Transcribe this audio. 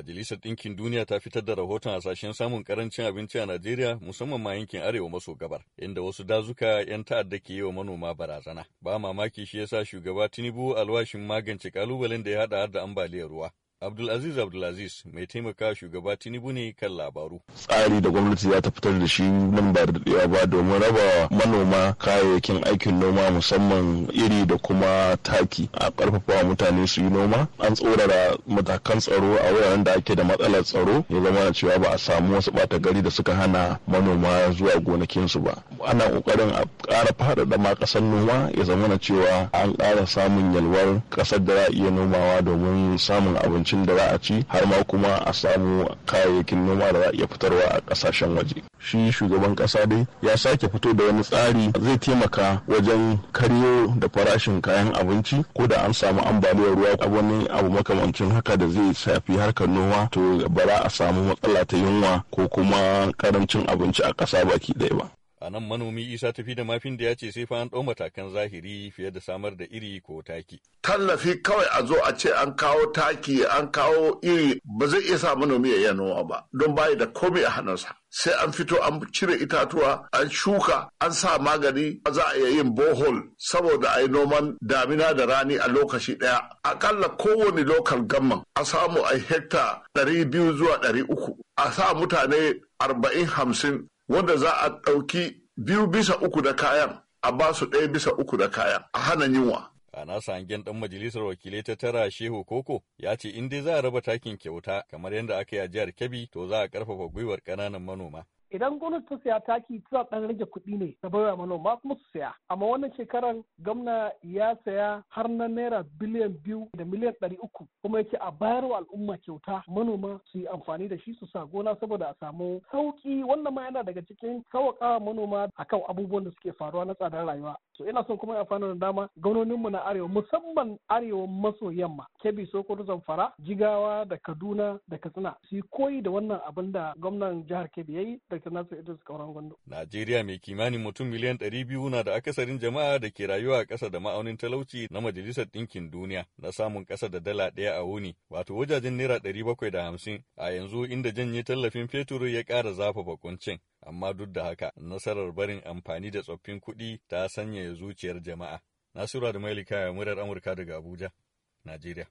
Majalisar Ɗinkin Duniya ta fitar da rahoton hasashen samun karancin abinci a Najeriya musamman ma yankin arewa maso gabar, inda wasu dazuka 'yan ta'adda ke yi wa manoma barazana. Ba mamaki shi yasa shugaba Tinubu alwashin magance kalubalen da ya haɗa da ambaliyar ruwa. Abdulaziz Abdulaziz mai taimaka shugaba Tinubu ne kan labaru. Tsari da gwamnati za ta fitar da shi nan ba da daɗewa ba domin raba manoma kayayyakin aikin noma musamman iri da kuma taki a ƙarfafa mutane su yi noma. An tsorara matakan tsaro a wuraren da ake da matsalar tsaro ya zama na cewa ba a samu wasu ɓata gari da suka hana manoma zuwa gonakinsu ba. Ana ƙoƙarin a ƙara faɗaɗa ma ƙasar noma ya zama na cewa an ƙara samun yalwar ƙasar da za a iya nomawa domin samun abinci. abincin da za a ci har ma kuma a samu kayayyakin noma da za a iya fitarwa a ƙasashen waje shi shugaban ƙasa dai ya sake fito da wani tsari zai taimaka wajen karyo da farashin kayan abinci ko da an samu ambaliyar ruwa wani abu makamancin haka da zai shafi harkar noma to ba za a samu matsala ta yunwa ko kuma karancin abinci a ƙasa baki ɗaya ba A nan manomi Isa tafi da mafin da ya ce sai fa an ɗau matakan zahiri fiye da samar da iri ko taki. Tallafi kawai a zo a ce an kawo taki an kawo iri ba zai iya sa manomi ya yi noma ba don bayi da komai a hannunsa. Sai an fito an cire itatuwa an shuka an sa magani za a yin bohol saboda a yi noman damina da rani a lokaci ɗaya. Akalla kowane lokal gamman a samu a hekta ɗari zuwa ɗari uku a sa mutane arba'in hamsin wanda za a ɗauki biyu bisa uku da kayan a ba su ɗaya bisa uku da kayan a hana yunwa. a nasa hangen dan majalisar wakilai ta tara shehu koko ya ce in dai za a raba takin kyauta kamar yadda aka yi a jihar kebbi to za a karfafa gwiwar ƙananan manoma idan gwamnati ta saya taki tana ɗan rage kuɗi ne da baiwa manoma kuma su saya amma wannan shekaran gwamna ya saya har na naira biliyan biyu da miliyan ɗari uku kuma yake a bayar wa al'umma kyauta manoma su yi amfani da shi su sa gona saboda a samu sauƙi wannan ma yana daga cikin sauƙawa manoma akan abubuwan da suke faruwa na tsadar rayuwa so ina son kuma amfani da dama gaunoninmu na arewa musamman arewa maso yamma kebbi sokoto zamfara jigawa da kaduna da katsina su koyi da wannan abin da gwamnan jihar kebbi ya yi dr nasir idris kauran gondo najeriya mai kimanin mutum miliyan ɗari biyu na da akasarin jama'a da ke rayuwa a ƙasa da ma'aunin talauci na majalisar ɗinkin duniya na samun ƙasa da dala ɗaya a wuni wato wajajen naira ɗari bakwai da hamsin a yanzu inda janye tallafin fetur ya ƙara zafafa kuncin amma duk da haka nasarar barin amfani da tsoffin kuɗi ta sanyaya zuciyar jama'a. Nasiru da Mailika ya murar Amurka daga Abuja, Najeriya.